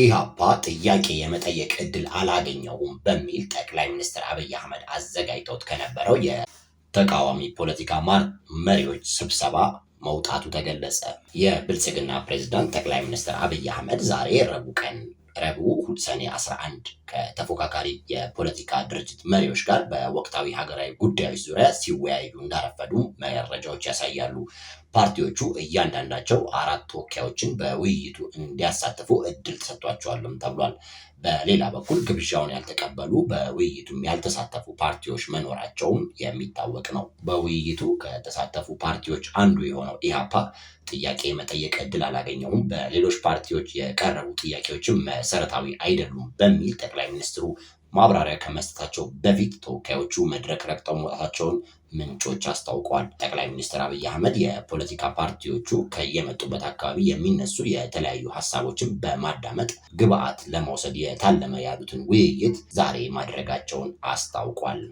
ኢህአፓ ጥያቄ የመጠየቅ እድል አላገኘውም በሚል ጠቅላይ ሚኒስትር አብይ አህመድ አዘጋጅተውት ከነበረው የተቃዋሚ ፖለቲካ መሪዎች ስብሰባ መውጣቱ ተገለጸ። የብልጽግና ፕሬዝዳንት ጠቅላይ ሚኒስትር አብይ አህመድ ዛሬ ረቡዕ ቀን ረቡዕ ሰኔ 11 ከተፎካካሪ የፖለቲካ ድርጅት መሪዎች ጋር በወቅታዊ ሀገራዊ ጉዳዮች ዙሪያ ሲወያዩ እንዳረፈዱ መረጃዎች ያሳያሉ። ፓርቲዎቹ እያንዳንዳቸው አራት ተወካዮችን በውይይቱ እንዲያሳትፉ እድል ተሰጥቷቸዋልም ተብሏል። በሌላ በኩል ግብዣውን ያልተቀበሉ በውይይቱም ያልተሳተፉ ፓርቲዎች መኖራቸውም የሚታወቅ ነው። በውይይቱ ከተሳተፉ ፓርቲዎች አንዱ የሆነው ኢህአፓ ጥያቄ መጠየቅ እድል አላገኘውም፣ በሌሎች ፓርቲዎች የቀረቡ ጥያቄዎችም መሰረታዊ አይደሉም በሚል ጠቅላይ ሚኒስትሩ ማብራሪያ ከመስጠታቸው በፊት ተወካዮቹ መድረክ ረግጠው መውጣታቸውን ምንጮች አስታውቋል። ጠቅላይ ሚኒስትር አብይ አህመድ የፖለቲካ ፓርቲዎቹ ከየመጡበት አካባቢ የሚነሱ የተለያዩ ሀሳቦችን በማዳመጥ ግብአት ለመውሰድ የታለመ ያሉትን ውይይት ዛሬ ማድረጋቸውን አስታውቋል።